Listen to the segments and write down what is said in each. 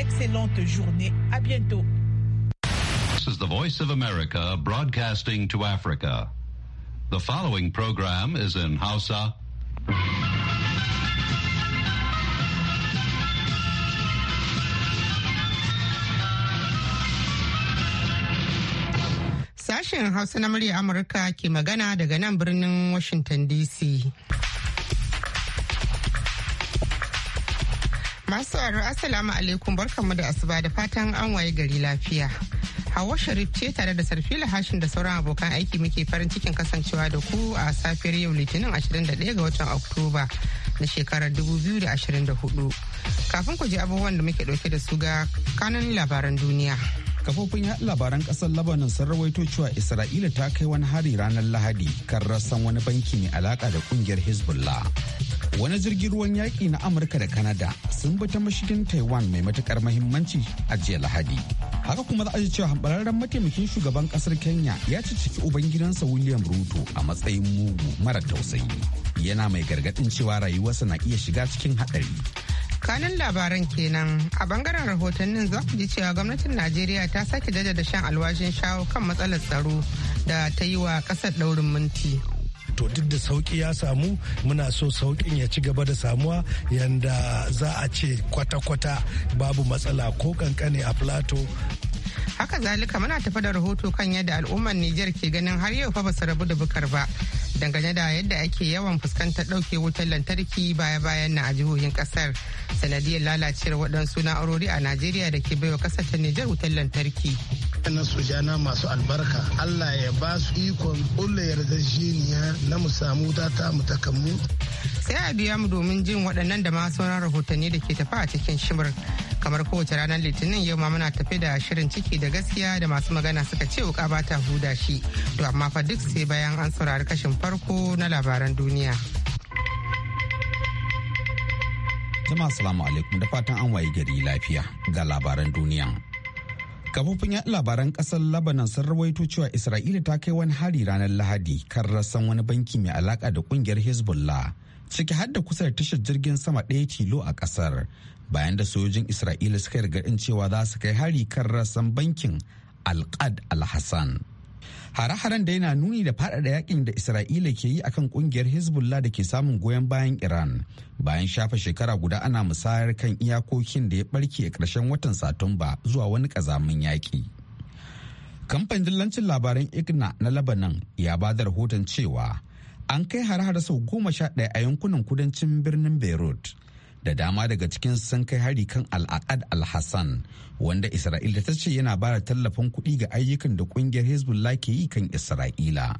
excellente journée. À bientôt. This is the Voice of America broadcasting to Africa. The following program is in Hausa. Sashen Hausa na murya Amurka ke magana daga nan birnin Washington DC. Masu sauraro Assalamu alaikum barkanmu da asuba da fatan an waye gari lafiya. Hawa Sharif ce tare da Sarfila Hashin da sauran abokan aiki muke farin cikin kasancewa da ku a safiyar yau Litinin 21 ga watan Oktoba na shekarar 2024. Kafin ku ji abubuwan da muke dauke da su ga kanan labaran duniya. kafofin yaɗa labaran ƙasar labanin sun rawaito cewa isra'ila ta kai wani hari ranar lahadi kan rassan wani banki mai alaka da ƙungiyar hezbollah wani jirgin ruwan yaƙi na amurka da kanada sun bi ta mashigin taiwan mai matukar mahimmanci a jiya lahadi haka kuma za a ji cewa hambararren mataimakin shugaban kasar kenya ya ci ciki ubangidansa william ruto a matsayin mugu mara tausayi yana mai gargadin cewa rayuwarsa na iya shiga cikin haɗari kanin labaran kenan a bangaren rahotannin za ku ji cewa gwamnatin najeriya ta sake jaddada shan alwashin shawo kan matsalar tsaro da ta yi wa kasar daurin minti to duk da sauki ya samu muna so saukin ya ci gaba da samuwa yanda za a ce kwata-kwata babu matsala ko kankane a plato haka zalika muna tafi da rahoto kan yadda al'ummar niger ke ganin har yau fa ba su rabu da bukar ba dangane da yadda ake yawan fuskantar ɗauke wutar lantarki baya-bayan na a jihohin ƙasar sanadiyar lalacewar waɗansu na'urori a najeriya da ke baiwa ƙasar ta nijar wutar lantarki na sujana masu albarka allah ya ba su ikon ƙulla yarjejeniya na mu samu wuta ta mu takammu sai a biya mu domin jin waɗannan da masu sauran rahotanni da ke tafa a cikin shimar kamar kowace ranar litinin yau ma muna tafe da shirin ciki da gaskiya da masu magana suka ce wuka ba ta huda shi to amma fa duk sai bayan an saurari kashin farko na labaran duniya jama'a salamu alaikum da fatan an waye gari lafiya ga labaran duniya kafofin yaɗa labaran ƙasar labanan sun rawaito cewa isra'ila ta kai wani hari ranar lahadi kan rassan wani banki mai alaka da ƙungiyar hezbollah ciki har da kusa da tashar jirgin sama ɗaya tilo a ƙasar bayan da sojojin isra'ila suka yarda cewa za su kai hari kan rassan bankin alqad al-hassan hare-haren da yana nuni da faɗaɗa yakin da isra'ila ke yi akan kungiyar hezbollah da ke samun goyon bayan iran bayan shafa shekara guda ana musayar kan iyakokin da ya barke a ƙarshen watan satumba zuwa wani ƙazamin yaƙi kamfanin dillancin labaran igna na labanan ya ba da rahoton cewa an kai hare-hare sau goma sha ɗaya a yankunan kudancin birnin beirut da dama daga cikin sun kai hari kan al'aqad al-hassan wanda isra'ila ta ce yana bada tallafin kuɗi ga ayyukan da ƙungiyar hezbollah ke yi kan isra'ila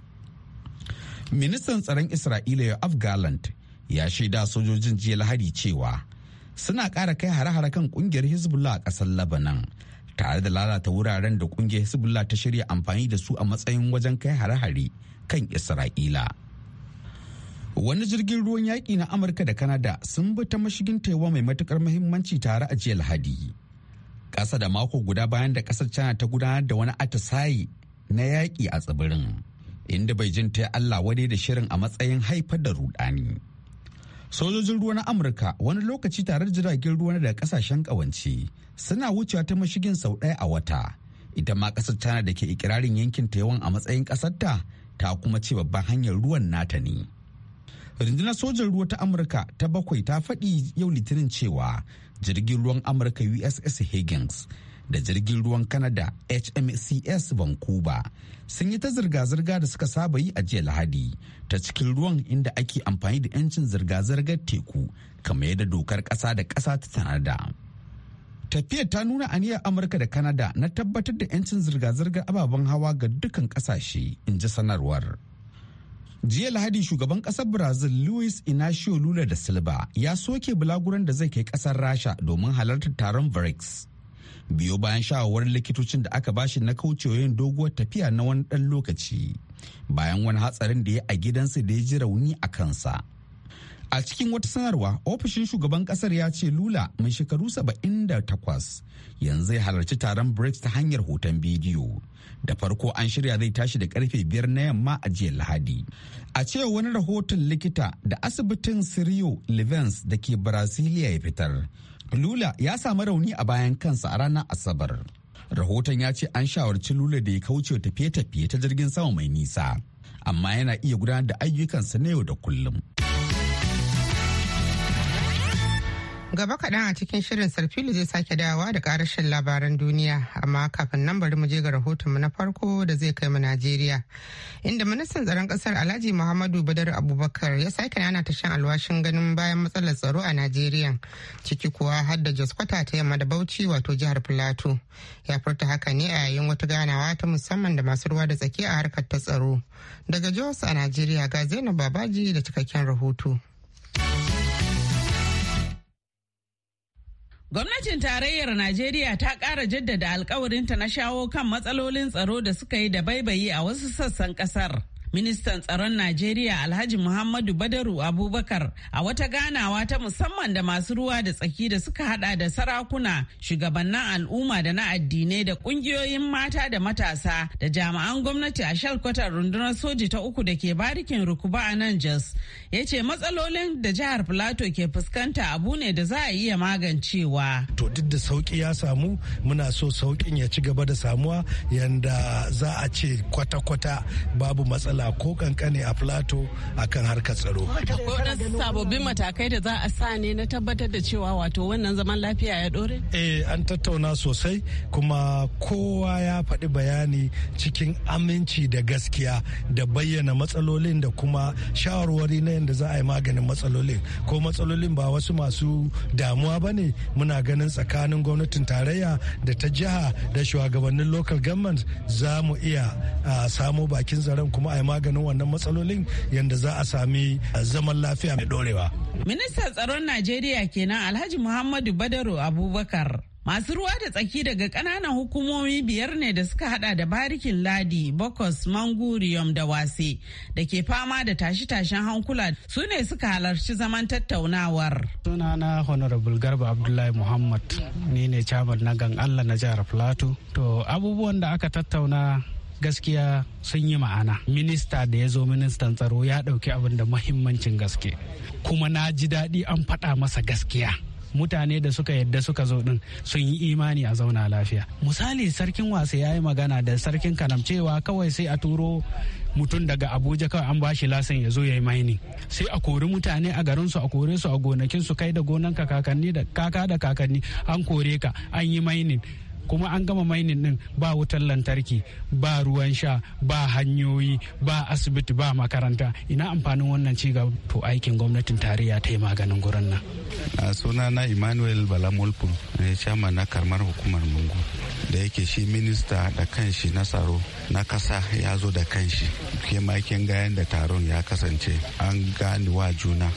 ministan tsaron isra'ila ya gallant ya shaida sojojin jiya lahadi cewa suna ƙara kai hare-hare kan ƙungiyar hezbollah a ƙasar labanan tare da lalata wuraren da ƙungiyar hezbollah ta shirya amfani da su a matsayin wajen kai hare-hare kan isra'ila wani jirgin ruwan yaƙi na amurka da kanada sun bi ta mashigin taiwa mai matukar muhimmanci tare a jiya lahadi ƙasa da mako guda bayan da ƙasar china ta gudanar da wani atisaye na yaƙi a tsibirin inda jin ta allah wadai da shirin a matsayin haifar da rudani sojojin ruwa na amurka wani lokaci tare da jiragen ruwa da ƙasashen ƙawance suna wucewa ta mashigin sau ɗaya a wata ita ma ƙasar china da ke ikirarin yankin taiwan a matsayin ƙasarta ta kuma ce babban hanyar ruwan nata ne rundunar sojan ruwa ta amurka ta bakwai ta faɗi yau litinin cewa jirgin ruwan amurka uss higgins da jirgin ruwan canada hmcs vancouver sun yi ta zirga-zirga da suka saba yi a jiya lahadi ta cikin ruwan inda ake amfani da 'yancin zirga-zirgar teku kamar yadda dokar ƙasa da ƙasa ta tanada tafiyar ta nuna aniyar amurka da canada na tabbatar da 'yancin zirga-zirgar ababen hawa ga dukkan ƙasashe in ji sanarwar jiya lahadi shugaban kasar brazil luis inacio lula da silva ya soke bulaguran da zai kai kasar rasha domin halartar taron brics biyo bayan shawarwar likitocin da aka bashi na kaucewa yin doguwar tafiya na wani dan lokaci bayan wani hatsarin da ya a gidansa da ya ji rauni a kansa A cikin wata sanarwa, ofishin shugaban kasar ya ce Lula mai shekaru 78 yanzu ya halarci taron BRICS ta hanyar hoton bidiyo. Da farko an shirya zai tashi da karfe biyar na yamma a jiya Lahadi. A cewa wani rahoton likita da asibitin Sirio Livens da ke Brasilia ya fitar. Lula ya samu rauni a bayan kansa a ranar Asabar. Rahoton ya ce an shawarci Lula da ya kauce tafiye-tafiye ta jirgin sama mai nisa, amma yana iya gudanar da ayyukansa na yau da kullum. Gaba kaɗan a cikin shirin sarfili zai sake dawowa da ƙarashin labaran duniya, amma kafin nan bari mu je ga rahotonmu na farko da zai kai mu Najeriya. Inda ministan tsaron ƙasar Alhaji Muhammadu Badar Abubakar ya sake nana tashan alwashin ganin bayan matsalar tsaro a Najeriya, ciki kuwa har da Kwata ta yamma da Bauchi wato jihar Filato. Ya furta haka ne a yayin wata ganawa ta musamman da masu ruwa da tsaki a harkar ta tsaro. Daga Jos a Najeriya ga Zainab Babaji da cikakken rahoto. Gwamnatin tarayyar Najeriya ta ƙara jaddada alkawarinta na shawo kan matsalolin tsaro da suka yi da baibayi a wasu sassan ƙasar. Ministan tsaron Najeriya Alhaji Muhammadu Badaru Abubakar a wata ganawa ta musamman da masu ruwa da tsaki da suka hada da sarakuna, shugabannin al'umma da na addinai da kungiyoyin mata da matasa da jami'an gwamnati a shalkwatar rundunar soji ta uku da ke barikin rukuba a nan Jos. Ya ce matsalolin da jihar Filato ke fuskanta abu ne da za a iya magancewa. To duk da sauki ya samu muna so saukin ya ci gaba da samuwa yanda za a ce kwata-kwata babu matsala na ko kankane a plato kan harkar tsaro. Wadansu sababbin matakai da za a sa ne na tabbatar da cewa wato wannan zaman lafiya ya dore? Eh an tattauna sosai kuma kowa ya faɗi bayani cikin aminci da gaskiya da bayyana matsalolin da kuma shawarwari na yadda za a yi maganin matsalolin ko matsalolin ba wasu masu damuwa ba ne muna ganin tsakanin gwamnatin tarayya da ta jiha da shugabannin local government za mu iya ah, samo bakin zaren kuma a yi maganin wannan matsalolin yadda za a sami eh, zaman lafiya mai dorewa. Ministan tsaron Najeriya kenan Alhaji Muhammadu badaro Abubakar. Masu ruwa da tsaki daga ƙananan hukumomi biyar ne da suka hada da barikin ladi, bokos, manguriyom da wase da ke fama da tashi-tashen hankula su ne suka halarci zaman tattaunawar. Sunana Honorable Garba Abdullahi Muhammad ni ne chairman na gan Allah na jihar Plateau. To abubuwan da aka tattauna gaskiya sun yi ma'ana minista da ya zo ministan tsaro ya ɗauki abin da mahimmancin gaske kuma na ji daɗi an faɗa masa gaskiya mutane da suka yadda suka zo din sun yi imani a zauna lafiya misali sarkin wasa ya yi magana da sarkin kanam cewa kawai sai a turo mutum daga abuja kawai an bashi lasin ya zo ya yi maini sai a kori mutane a garinsu a kore su a gonakinsu kai da gonanka kakanni da kaka da kakanni an kore ka an yi mainin. kuma an gama mainin din ba wutar lantarki ba ruwan sha ba hanyoyi ba asibiti ba makaranta ina amfanin wannan ci to aikin gwamnatin tarayya ta yi maganin gurin nan a suna na emmanuel balamulpu ne chama na karmar hukumar mungu da yake shi minista da kanshi na tsaro na kasa ya zo da kanshi ke makin gayan da taron ya kasance an gane wa juna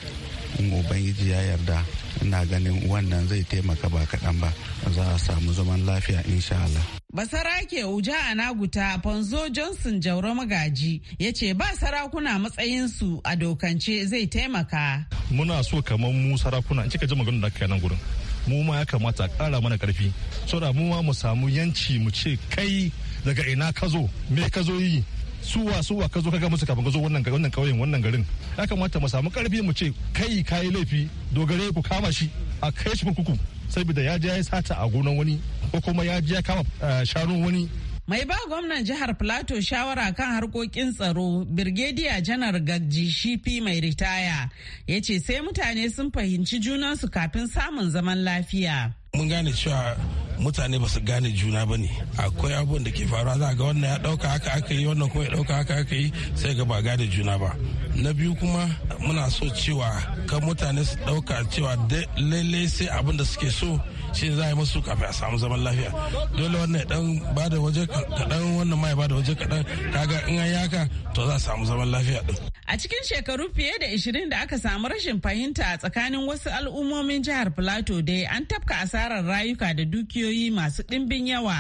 in ubangiji ya yarda ina ganin wannan zai taimaka ba kaɗan ba za a samu zaman lafiya insha Allah. basarake uja naguta fanzo johnson jauro magaji ya ce ba sarakuna matsayinsu a dokance zai taimaka muna so kamar mu sarakuna in kika ji maganar da aka nan gurin mu ma ya kamata kara mana karfi saboda mu ma mu samu yanci mu ce kai daga ina ka zo me ka zo yi suwa suwa ka zo ka ga musu kafin ka zo wannan wannan kauyen wannan garin ya kamata mu samu karfi mu ce kai kayi laifi dogare ku kama shi a kai shi kuku saboda ya je ya sata a gonan wani ko kuma ya je ya kama eh, shanun wani mai ba gwamnan jihar plateau shawara kan harkokin tsaro birgediya janar gagji shifi mai ritaya ya ce sai mutane sun fahimci junansu kafin samun zaman lafiya mun gane cewa mutane ba su gane juna ba ne akwai abubuwan da ke faruwa za a ga wannan ya dauka haka aka yi wannan kuma ya dauka haka aka yi sai ga ba gane juna ba na biyu kuma muna so cewa kan mutane su dauka cewa lallai sai abin da suke so shi za a yi musu kafin a samu zaman lafiya dole wannan dan ba da waje kaɗan wannan ma ya ba da waje kaɗan kaga in an yaka to za a samu zaman lafiya din. a cikin shekaru fiye da 20 da aka samu rashin fahimta a tsakanin wasu al'ummomin jihar plateau dai an tafka asarar rayuka da dukiyoyi masu ɗimbin yawa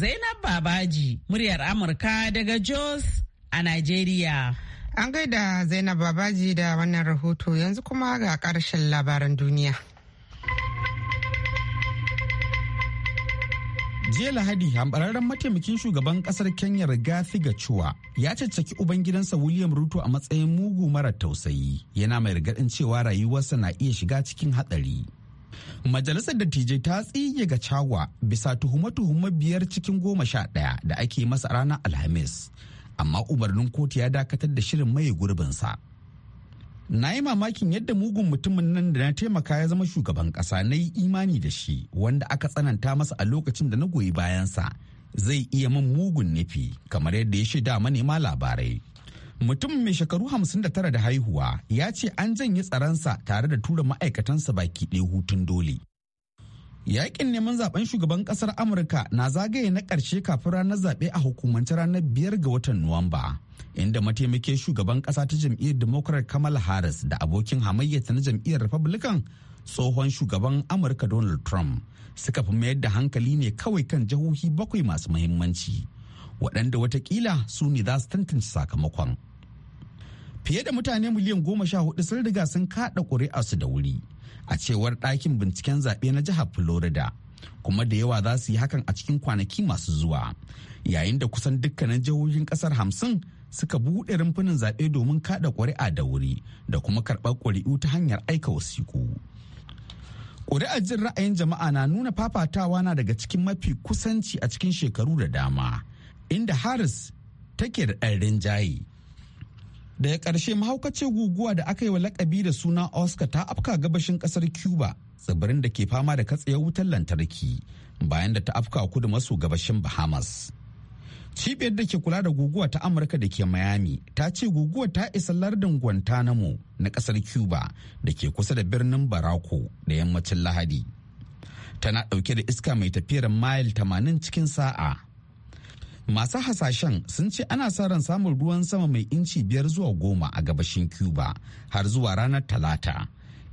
zainab babaji muryar amurka daga jos a nigeria an gaida zainab babaji da wannan rahoto yanzu kuma ga ƙarshen labaran duniya. jiya lahadi hambararren mataimakin shugaban kasar kenya rigathi gachua ya caccaki ubangidansa william ruto a matsayin mugu mara tausayi yana mai rigadin cewa rayuwarsa na iya shiga cikin hatsari majalisar dattijai ta tsige ga gachawa bisa tuhuma-tuhuma biyar cikin goma sha ɗaya da ake masa ranar alhamis amma umarnin kotu ya dakatar da shirin maye gurbinsa na yi mamakin yadda mugun mutumin nan da na taimaka ya zama shugaban ƙasa na yi imani da shi wanda aka tsananta masa a lokacin da na goyi bayansa zai iya min mugun nufi kamar yadda ya shaida manema labarai mutum mai shekaru hamsin da tara da haihuwa ya ce an janye tsaronsa tare da tura ma'aikatansa baki ɗaya hutun dole Yakin neman zaben shugaban kasar Amurka na zagaye na karshe kafin ranar zaɓe a hukumance ranar biyar ga watan Nuwamba. Inda mataimake shugaban ƙasa ta jam'iyyar Democrat Kamala Harris da abokin hamayyata na jam'iyyar Republican tsohon shugaban Amurka Donald Trump suka fi mayar da hankali ne kawai kan jihohi bakwai masu muhimmanci. Waɗanda watakila su ne za su tantance sakamakon. Fiye da mutane miliyan goma sha hudu sun riga sun kaɗa ƙuri'arsu da wuri. a cewar ɗakin binciken zaɓe na jihar Florida. Kuma da yawa za su yi hakan a cikin kwanaki masu zuwa. Yayin da kusan dukkanin jihohin kasar hamsin suka buɗe rumfunan zaɓe domin kaɗa ƙuri'a da wuri da kuma karɓar ƙuri'u ta hanyar aika wasiƙu. Ƙuri'ar jin ra'ayin jama'a na nuna fafatawa na daga cikin mafi kusanci a cikin shekaru da dama, inda Harris take da ɗan rinjaye da daga ƙarshe mahaukacin guguwa da aka yi wa lakabi da suna oscar ta afka gabashin ƙasar cuba tsibirin da ke fama da katsayar wutar lantarki bayan da ta afka kudu maso gabashin bahamas cibiyar da ke kula da guguwa ta amurka da ke miami ta ce guguwa ta isa lardin guantanamo na ƙasar cuba da ke kusa da birnin barako da yammacin lahadi tana ɗauke da iska mai tafiyar mayil 80 cikin sa'a masu hasashen sun ce ana sa ran samun ruwan sama mai inci biyar zuwa goma a gabashin cuba har zuwa ranar talata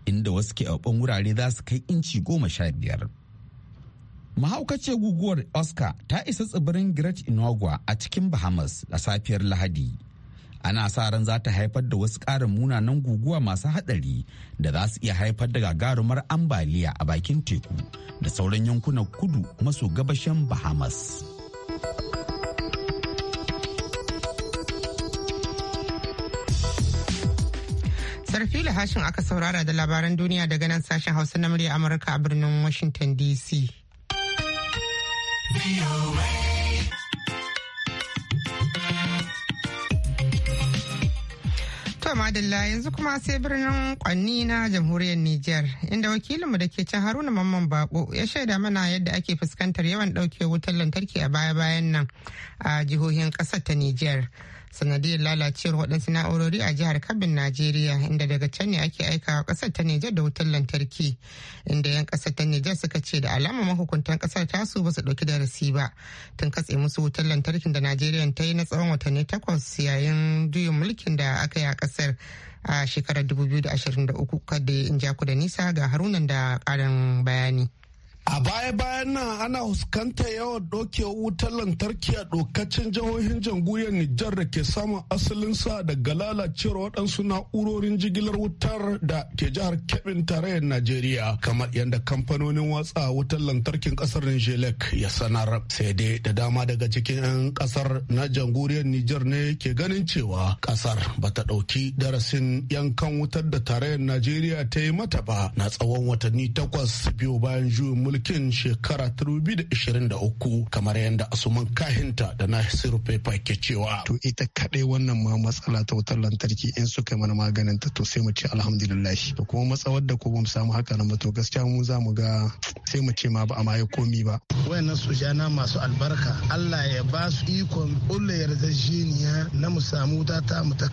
inda wasu keɓaɓɓen wurare za su kai inci goma sha biyar mahaukaciyar guguwar oscar ta isa tsibirin great inagua a cikin bahamas a safiyar lahadi ana sa ran za ta haifar da wasu ƙarin munanan guguwa masu haɗari da za su iya haifar da gagarumar ambaliya a bakin teku da sauran yankunan kudu maso gabashin bahamas. Sarfila hashin aka saurara da labaran duniya daga nan sashen Hausa na murya Amurka a birnin Washington DC. madalla yanzu kuma sai birnin kwanni na jamhuriyar Nijar inda wakilinmu da ke can Haruna Mamman Bako ya shaida mana yadda ake fuskantar yawan ɗauke wutar lantarki a baya-bayan nan a jihohin ƙasar ta Nijar. sanadiyar lalacewar waɗansu na'urori a jihar kabin najeriya inda daga can ne ake aikawa ƙasar ta nijar da wutar lantarki inda 'yan ƙasar ta nijar suka ce da alama mahukuntan ƙasar ta su basu ɗauki darasi ba tun katse musu wutar lantarkin da najeriya ta yi na tsawon watanni takwas yayin juyin mulkin da aka yi a ƙasar a shekarar 2023 kada in ja ku da nisa ga haruna da ƙarin bayani. A baya-bayan nan ana huskanta yawan ɗaukewa wutar lantarki a dokacin jihohin jamhuriyar Nijar da ke samun asalinsa daga lalacewar waɗansu na'urorin jigilar wutar da ke jihar Kebin tarayyar Najeriya kamar yadda kamfanonin watsa wutar lantarkin ƙasar Nijelek ya sanar. Sai dai da dama daga cikin 'yan ƙasar na jamhuriyar Nijar ne ke ganin cewa ƙasar ba ta ɗauki darasin yankan wutar da tarayyar Najeriya ta yi mata ba na tsawon watanni takwas biyu bayan juyin mulkin shekara 2023 kamar yadda asuman kahinta da nasiru paper ke cewa to ita kadai wannan ma matsala ta wutar lantarki in suka mana maganin ta to sai mu ce alhamdulillah to kuma matsawar da ko mu samu haka nan ba gaskiya mu za mu ga sai mu ce ma ba a ma yi komi ba wayannan sujana masu albarka Allah ya ba su ikon ƙulla yarda na mu samu wuta ta mu ta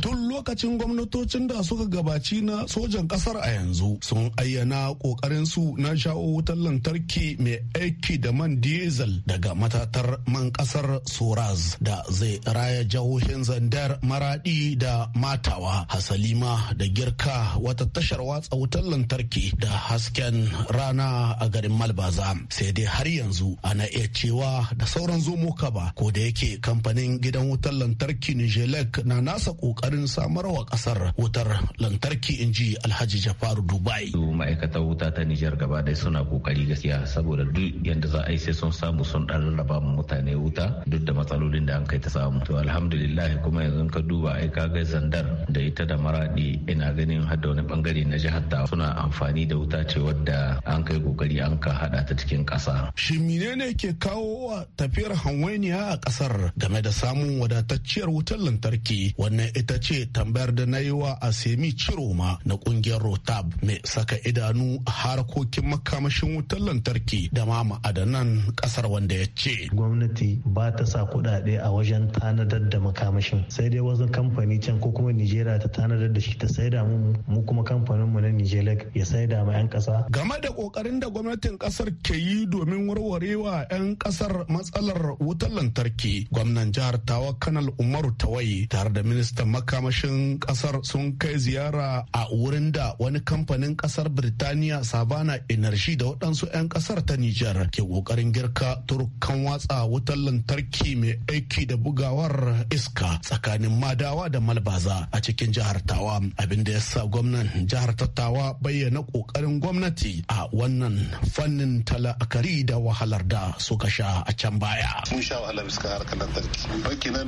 Tun lokacin gwamnatocin da suka gabaci na sojan kasar a yanzu sun ayyana kokarin su na shao wutar lantarki mai aiki da man diesel daga matatar man kasar Soraz da zai raya jihohin Zandar Maradi da Matawa Hasalima da Girka wata tashar watsa wutar lantarki da hasken rana a garin Malbaza sai dai har yanzu ana iya cewa da sauran zomo kaba ko da yake kamfanin gidan wutar lantarki lantarki nijelek na nasa kokarin samar wa kasar wutar lantarki in ji alhaji jafaru dubai ma'aikatan wuta ta nijar gaba dai suna kokari gaskiya saboda duk yadda za a yi sai sun samu sun dan rarraba mutane wuta duk da matsalolin da an kai ta samu to alhamdulillah kuma yanzu ka duba ai ka ga zandar da ita da maradi ina ganin har da wani bangare na jihar ta suna amfani da wuta ce wadda an kai kokari an ka hada ta cikin kasa shi menene ke kawo wa tafiyar hanwainiya a kasar game da samun wadataccen wadatacciyar wutar lantarki wannan ita ce tambayar da na yi wa a semi ciroma na kungiyar rotab mai saka idanu harkokin makamashin wutar lantarki da ma ma'adanan kasar wanda ya ce gwamnati ba ta sa kuɗaɗe a wajen tanadar da makamashin sai dai wasu kamfani can ko kuma nijeriya ta tanadar da shi ta saida mu mu kuma kamfanin mu na nigeria ya saida ma 'yan ƙasa game da ƙoƙarin da gwamnatin ƙasar ke yi domin warwarewa 'yan ƙasar matsalar wutar lantarki gwamnan jihar tawa Kana. Jamal Umaru Tawai tare da ministan makamashin kasar sun kai ziyara a wurin da wani kamfanin kasar Birtaniya Sabana Energy da waɗansu 'yan kasar ta Nijar ke ƙoƙarin girka turkan watsa wutar lantarki mai aiki da bugawar iska tsakanin Madawa da Malbaza a cikin jihar Tawa da ya sa gwamnan jihar Tattawa bayyana ƙoƙarin gwamnati a wannan fannin talakari da wahalar da suka sha a can baya. Mun sha wahala bisa harkar lantarki.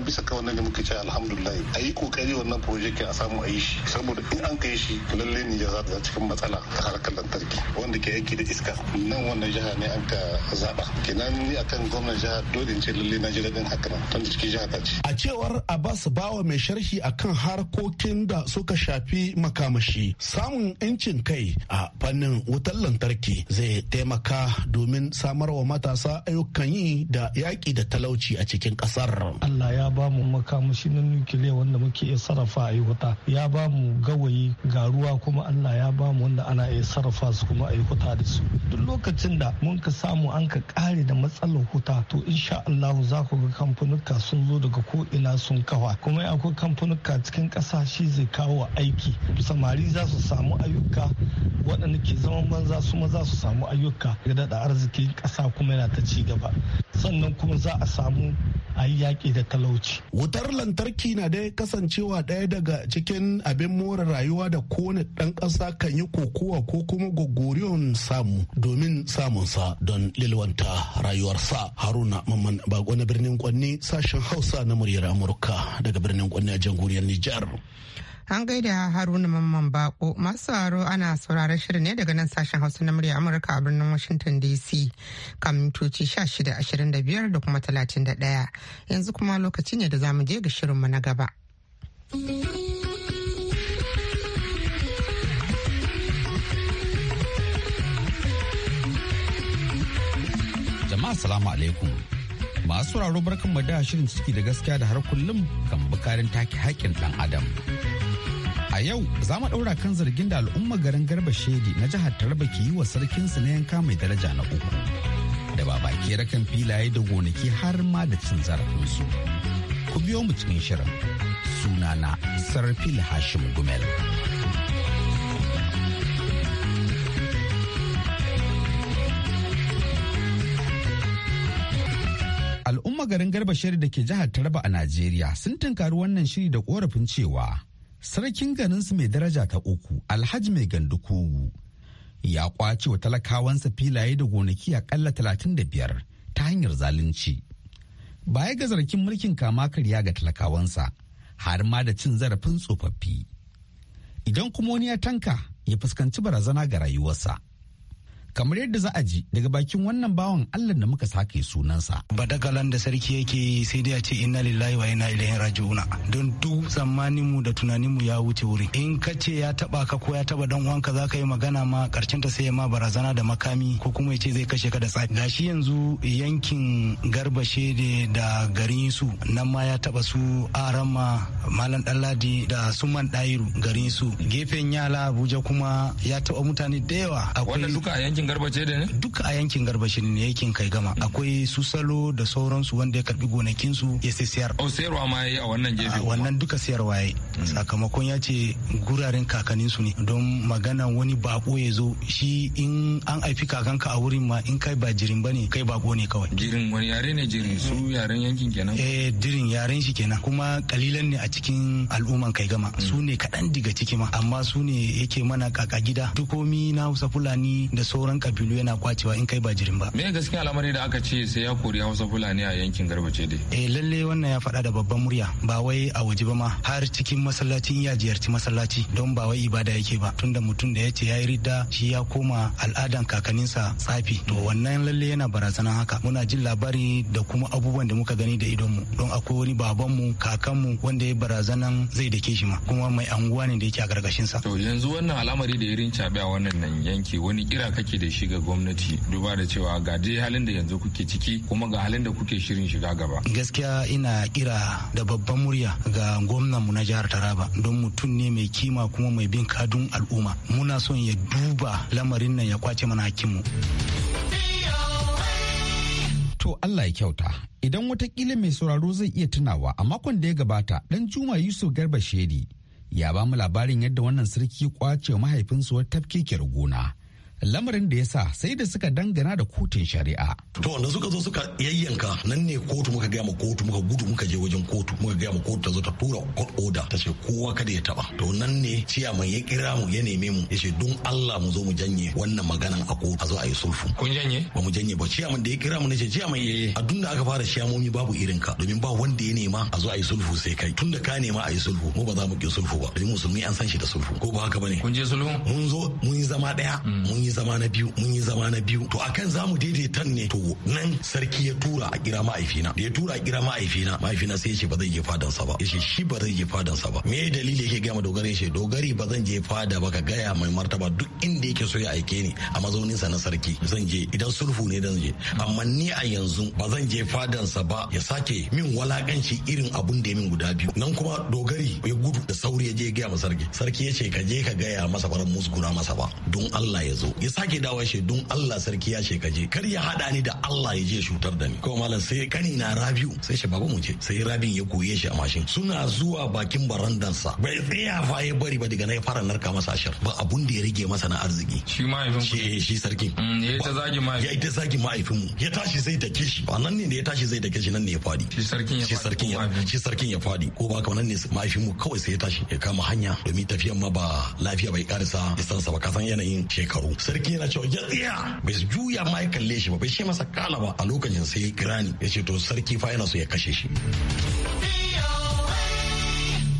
bisa haka wannan ne muke ce alhamdulillah a yi kokari wannan project a samu a yi shi saboda in an kai shi lalle ne ya zaɓa cikin matsala ta harkar lantarki wanda ke aiki da iska nan wannan jiha ne an ka zaɓa kenan ni akan gwamnan jiha dole in ce lalle na ji daɗin haka nan tun da cikin jiha ta ce. a cewar abbas bawa mai sharhi akan harkokin da suka shafi makamashi samun 'yancin kai a fannin wutar lantarki zai taimaka domin samarwa matasa ayyukan yi da yaƙi da talauci a cikin ƙasar. Allah ya ba mu bamu makamashi na nukiliya wanda muke iya sarrafa a yi wuta ya bamu gawayi ga ruwa kuma Allah ya bamu wanda ana iya sarrafa su kuma a yi wuta da su duk lokacin da mun ka samu an ka kare da matsalar wuta to insha allahu za ku ga kamfanuka sun zo daga ko ina sun kawa kuma akwai kamfanuka cikin ƙasa shi zai kawo aiki samari za su samu ayyuka waɗanda ke zaman banza su ma za su samu ayyuka ga daɗa arzikin ƙasa kuma yana ta ci gaba sannan kuma za a samu a yi yaƙi da talauci. Wutar lantarki na dai kasancewa ɗaya daga cikin abin more rayuwa da kowane ɗan ƙasa kan yi kokowa ko kuma gogoriyon samu domin samunsa don lilwanta rayuwarsa. Haruna Mamman Bago na birnin Kwanni sashen Hausa na muryar Amurka daga birnin Kwanni a jamhuriyar Nijar. An gaida Haruna Mamman Bako masu sauraro ana sauraron shirin ne daga nan sashen Hausa na murya Amurka a birnin washinton DC kan mintoci 1625 da kuma daya yanzu kuma lokaci ne da zamu je ga shirinmu na gaba. Jama'a salamu alaikum. Masu sauraro barkan da shirin ciki da gaskiya da har kullum kan bukarin take haƙƙin ɗan Adam. A yau za mu ɗaura kan zargin da al'umma garin Garba Shedi na jihar Taraba ke yi wa sarkinsu na yanka mai daraja na uku. Da babaki rakan filaye da gonaki har ma da cin zarafinsu. Ku biyo mu cikin shirin. Suna na Sarfil Hashim Gumel. Al'umma garin Garba Shedi da ke jihar Taraba a Najeriya sun tunkari wannan shiri da korafin cewa sarkin su mai daraja ta uku alhaji mai gandukugu ya kwace wa talakawansa filaye da gonaki talatin a da biyar ta hanyar zalunci baya ga zarkin mulkin kama karya ga talakawansa har ma da cin zarafin tsofaffi idan kuma wani ya tanka ya fuskanci barazana ga rayuwarsa kamar yadda za a ji daga bakin wannan bawan Allah da muka sake sunansa. Badagalan da sarki yake sai dai a ce inna lillahi wa inna ilaihi raji'una don duk tsammanin mu da tunanin mu ya wuce wuri in ka ce ya taba ka ko ya taba dan uwanka za ka yi magana ma karshen ta sai ma barazana da makami ko kuma ya ce zai kashe ka da ga gashi yanzu yankin garbashe da garin su nan ma ya taba su arama malam ɗanladi da suman ɗayiru garin su gefen yala abuja kuma ya taba mutane da yawa duka a yankin garbace da ne duka a yankin garbace ne yakin kai gama akwai su salo da sauransu wanda ya karbi gonakin su ya sai siyar o oh, sayarwa ma yayi a wannan gefe wannan duka sayarwa yayi hmm. sakamakon ya ce guraren kakannin su ne don magana wani bako ya zo shi in an aifi kakanka a wurin ma in kai ba jirin bane kai bako ne kawai jirin wani yare ne jirin su eh. yaren yankin kenan eh jirin yaren shi kenan kuma kalilan ne a cikin al'umman kai gama hmm. su ne kaɗan diga ciki ma amma su ne yake mana kaka gida dukomi na hausa fulani da sauran sauran kabilu yana kwacewa in kai ba jirin ba. Me gaskiya al'amari da aka ce sai ya kori Hausa Fulani a yankin Garbace dai. Eh lalle wannan ya faɗa da babban murya ba wai a waje ba ma har cikin masallacin ya ziyarci masallaci don ba wai ibada yake ba tunda mutum da ya ce ya yi ridda shi ya koma al'adan kakanninsa tsafi to wannan lalle yana barazana haka muna jin labari da kuma abubuwan da muka gani da idonmu don akwai wani babanmu kakanmu wanda ya barazanan zai dake shi ma kuma mai anguwa ne da yake a sa. To yanzu wannan al'amari da irin cabe a wannan yanki wani kira kake kuke da shi ga gwamnati duba da cewa ga dai halin da yanzu kuke ciki kuma ga halin da kuke shirin shiga gaba gaskiya ina kira da babban murya ga gwamnan mu na jihar taraba don mutum ne mai kima kuma mai bin kadun al'umma muna son ya duba lamarin nan ya kwace mana hakinmu to Allah ya kyauta idan watakila mai sauraro zai iya tunawa a makon da ya gabata dan juma yusuf garba shedi ya ba mu labarin yadda wannan sarki kwace mahaifinsu wata tafkekiyar gona lamarin da ya sa sai da suka dangana da kotun shari'a. To wanda suka zo suka yayyanka nan ne kotu muka gaya ma kotu muka gudu muka je wajen kotu muka gaya ma kotu ta zo ta tura court order ta ce kowa kada ya taba. To nan ne mai ya kira mu ya neme mu ya ce don Allah mu zo mu janye wannan maganan a kotu a zo a yi sulfu. Kun janye? Ba mu janye ba mai da ya kira mu ne ce mai yayye eh, eh. a dun da aka fara ciyamomi babu irin ka domin ba wanda ya nema a zo a yi sulfu sai kai tun da ka nema a yi sulfu mu ba za mu ki sulfu ba domin musulmi an san shi da sulfu ko ba haka bane. Kun je sulhu? Mun zo mun yi zama daya mm. mun yi zama na biyu mun yi zama na biyu to akan zamu daidaita ne to nan sarki ya tura a kira ma'aifina da ya tura a kira ma'aifina ma'aifina sai ya ce ba zan je fadan sa ba yace shi ba zan je fadan sa ba me dalili yake gaya ma dogare shi dogari ba zan je fada ba ka gaya mai martaba duk inda yake so ya aike ni a mazaunin sa na sarki zan je idan sulhu ne zan je amma ni a yanzu ba zan je fadan sa ba ya sake min walakanci irin abun da ya min guda biyu nan kuma dogari ya gudu da sauri ya je ya gaya ma sarki sarki yace ka je ka gaya masa musu musguna masa ba don Allah ya zo ya sake dawa shi don Allah sarki ya shekaje kar ya hada ni da Allah ya je shutar da ni ko malam sai kani na Rabiu sai shi baba muje sai Rabiu ya goye shi a mashin suna zuwa bakin barandansa bai tsaya fa ya bari ba daga na fara narka masa ashar ba abun da ya rage masa na arziki shi mahaifin shi sarki mm, ya ta zagi mahaifin ya ta zagi mahaifin mu ya tashi zai take shi ba nan ne da ya tashi zai take shi nan ne ya fadi shi sarkin ya fadi shi sarkin ya fadi ko ba kamar nan ne mahaifin mu kawai sai ya tashi ya kama hanya domin tafiyan ma ba lafiya bai karisa sa ba san yanayin shekaru sarki yana cewa ya tsaya bai juya ma ya kalle shi ba bai ce masa kala ba a lokacin sai girani ya ce to sarki fa yana so ya kashe shi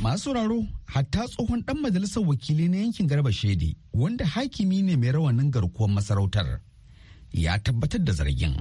masu sauraro hatta tsohon dan majalisar wakili na yankin garba shedi wanda hakimi ne mai rawanin garkuwar masarautar ya tabbatar da zargin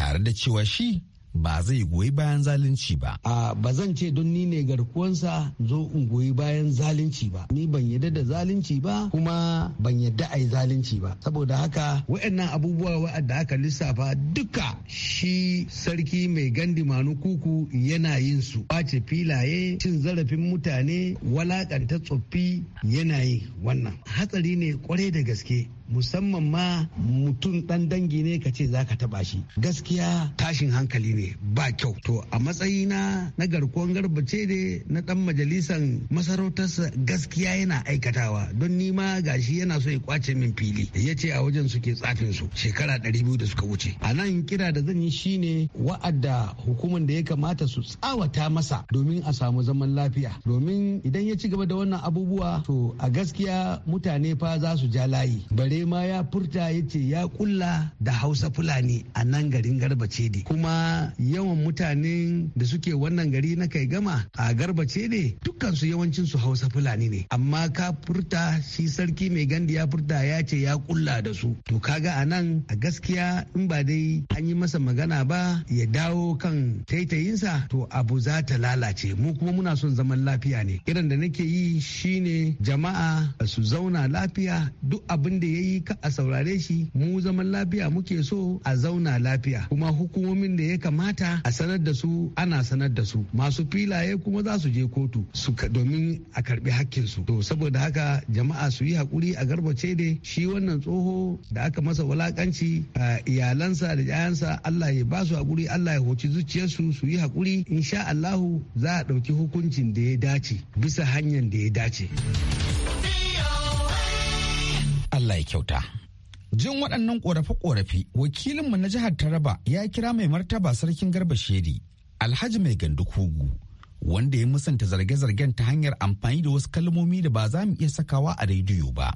tare da cewa shi ba zai goyi bayan zalunci ba. A ba zan ce don ni ne garkuwansa zo in goyi bayan zalunci ba. Ni ban yadda da zalunci ba kuma ban yadda a yi zalunci ba. Saboda haka wa'annan abubuwa wa'adda aka lissafa duka shi sarki mai gandi manu kuku yana yin su. Wace filaye cin zarafin mutane walakanta tsoffi yana yi wannan. Hatsari ne kwarai da gaske musamman ma mutum ɗan dangi ne ka ce za ka taɓa shi gaskiya tashin hankali ne ba kyau to a matsayina na garkuwan garbace ne na ɗan majalisan masarautarsa gaskiya yana aikatawa don nima ma gashi yana so ya kwace min fili ya ce a wajen suke tsafin su shekara ɗari biyu da suka wuce a nan kira da zan yi shine wa'adda hukumar da ya kamata su tsawata masa domin a samu zaman lafiya domin idan ya ci gaba da wannan abubuwa to a gaskiya mutane fa za su ja layi bare bare ma ya furta ya ce ya kulla da hausa fulani a nan garin garbace ne kuma yawan mutanen da suke wannan gari na kai gama a garbace ne dukkansu yawancin su hausa fulani ne amma ka furta shi sarki mai gandi ya furta ya ce ya kulla da su to kaga a nan a gaskiya in ba dai an yi masa magana ba ya dawo kan taitayinsa to abu za ta lalace mu kuma muna son zaman lafiya ne irin da nake yi shine jama'a su zauna lafiya duk abin da ya yi ka a saurare shi mu zaman lafiya muke so a zauna lafiya kuma hukumomin da ya kamata a sanar da su ana sanar da su masu filaye kuma za su je kotu su domin a karbi su to saboda haka jama'a su yi hakuri a garbace da shi wannan tsoho da aka masa wulakanci iyalansa da 'ya'yansa Allah ya ba su hakuri Allah ya hoci zuciyarsu su yi hakuri insha Allahu za a ɗauki hukuncin da ya dace bisa hanyar da ya dace. Allah ya kyauta. Jin waɗannan ƙorafe-ƙorafe wakilinmu na jihar Taraba ya kira mai martaba sarkin Garba Shedi, Alhaji Mai Gandu Kugu, wanda ya musanta zarge-zargen ta hanyar amfani da wasu kalmomi da ba za mu iya sakawa a rediyo ba.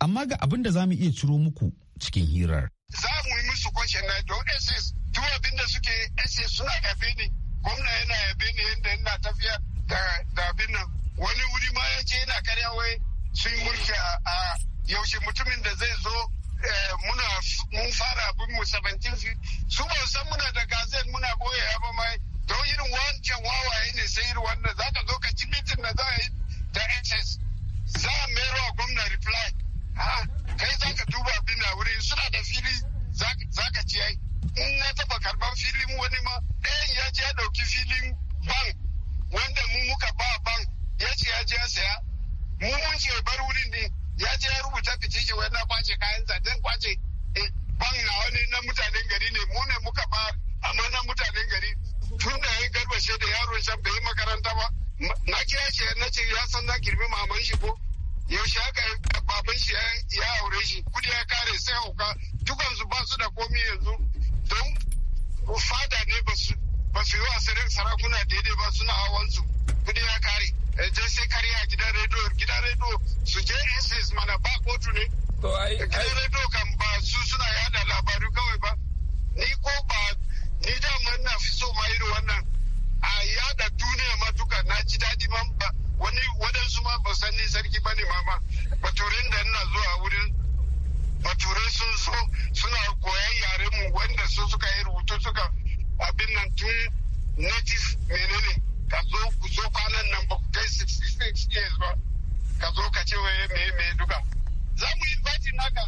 Amma ga abin da za mu iya ciro muku cikin hirar. Za mu yi musu kwashe na don SS, duk abin da suke SS suna yabe ni, gwamna yana yabe ni yadda yana tafiya da abin nan. Wani wuri ma ya ce yana karya wai sun mulki a yaushe mutumin da zai zo eh, muna mun fara abin mu 17 su ba san muna da gazet muna boye ba mai don irin wancan wawaye ne sai irin wanda za ka zo ka ci mitin da za a yi da ss za a mero a gwamna reply kai za ka duba abin da wuri suna da fili za ka ci ai in na taba karban filin wani ma ɗayan ya je ya ɗauki filin bank wanda mu muka ba bank ya ce ya je ya saya mu mun ce bar wurin ne ya je ya rubuta fitike wai na kwace kayan sa dan kwace eh, ban na wani na mutanen gari ne mu ne muka ba amma na mutanen gari tun da ya garbashe da yaron shan bai yi makaranta ba na kira shi na ce ya san na girmi maman shi ko yaushe haka baban shi ya aure shi kudi ya kare sai hauka dukansu ba su da komi yanzu don fada ne ba su yi wa sarakuna daidai ba suna su kudi ya kare je sai karya gidan rediyo gidan rediyo su je ss mana ba kotu ne gidan rediyo kan ba su suna yada labaru kawai ba ni ko ba ni da na fi so ma irin wannan a yada duniya ma na ji daɗi ma ba wani waɗansu ma ba san ni sarki ba ne mama baturin da ina zuwa wurin baturai sun so suna koyan yare mu wanda su suka yi rubutu suka abin nan tun native menene ka zo ku zo kwanan nan ba wai 66 years ba ka zo ka ce wai me me duka za mu yi inviting naka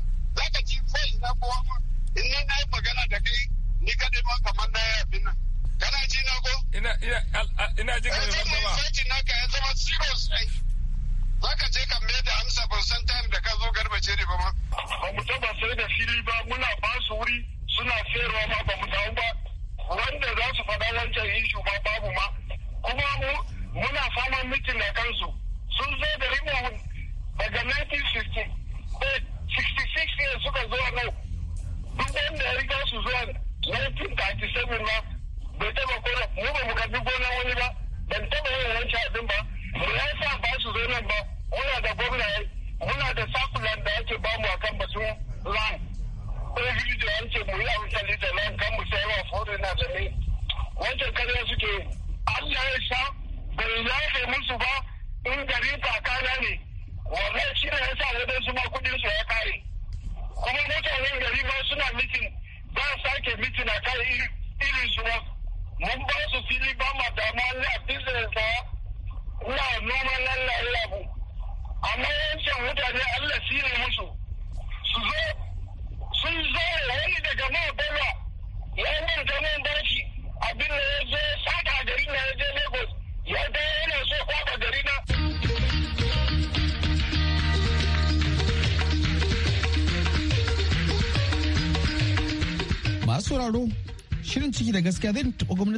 an ce mu yi hankali da nan kan mu sai wa foreigner da ne wancan kare suke Allah ya sha bai yafe musu ba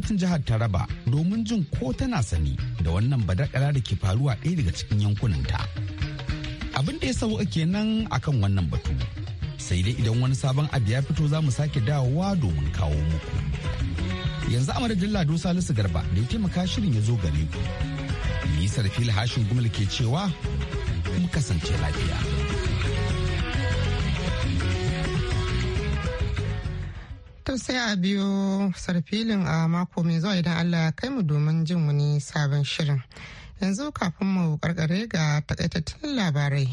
gwamnatin jihar Taraba domin jin ko tana sani da wannan badakala da ke faruwa ɗaya daga cikin yankunanta. Abin da ya ake nan akan wannan batu. Sai dai idan wani sabon abu ya fito za mu sake dawowa domin kawo muku. Yanzu a madadin Lado Salisu Garba da ya taimaka shirin ya zo gare ku. Nisar fil hashin gumal ke cewa mu kasance lafiya. To sai a biyo sarfilin a mako mai zuwa idan Allah ya kai mu domin jin wani sabon shirin. Yanzu kafin mu karkare ga takaitattun labarai.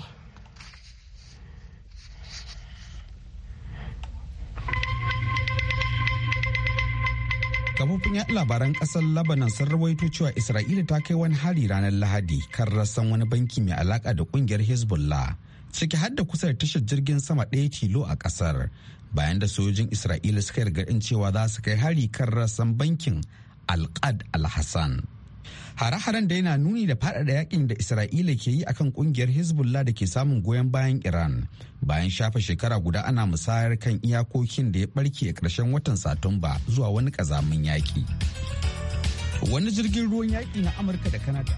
kafofin yaɗa labaran ƙasar labanan sun rawaito cewa isra'ila ta kai wani hari ranar lahadi kan rassan wani banki mai alaƙa da ƙungiyar hezbollah ciki har da kusa da tashar jirgin sama ɗaya tilo a ƙasar bayan da sojojin isra'ila suka in cewa za su kai hari kan rassan bankin alqad al-hassan hare-haren da yana nuni da faɗaɗa yakin da isra'ila ke yi akan kungiyar hezbollah da ke samun goyon bayan iran bayan shafa shekara guda ana musayar kan iyakokin da ya barke a ƙarshen watan satumba zuwa wani ƙazamin yaƙi wani jirgin ruwan yaƙi na amurka da kanada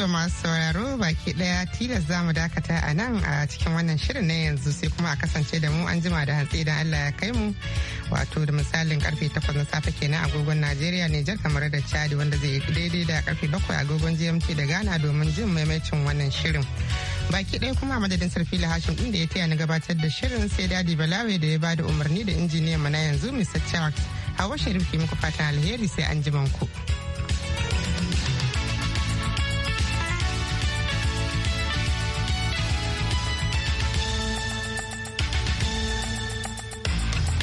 To masu sauraro baki daya tilas za mu dakata a nan a cikin wannan shirin na yanzu sai kuma a kasance da mu an jima da hantsi idan Allah ya kai mu wato da misalin karfe takwas na safe kenan agogon Najeriya Nijar kamar da Chadi wanda zai daidai da karfe bakwai agogon GMT da Ghana domin jin maimaicin wannan shirin. baki ɗaya kuma a madadin la hashin ɗin da ya taya na gabatar da shirin sai dadi balawe da ya ba da umarni da injiniyan mu na yanzu mr charles hawa sharif ke muku fatan alheri sai an ku.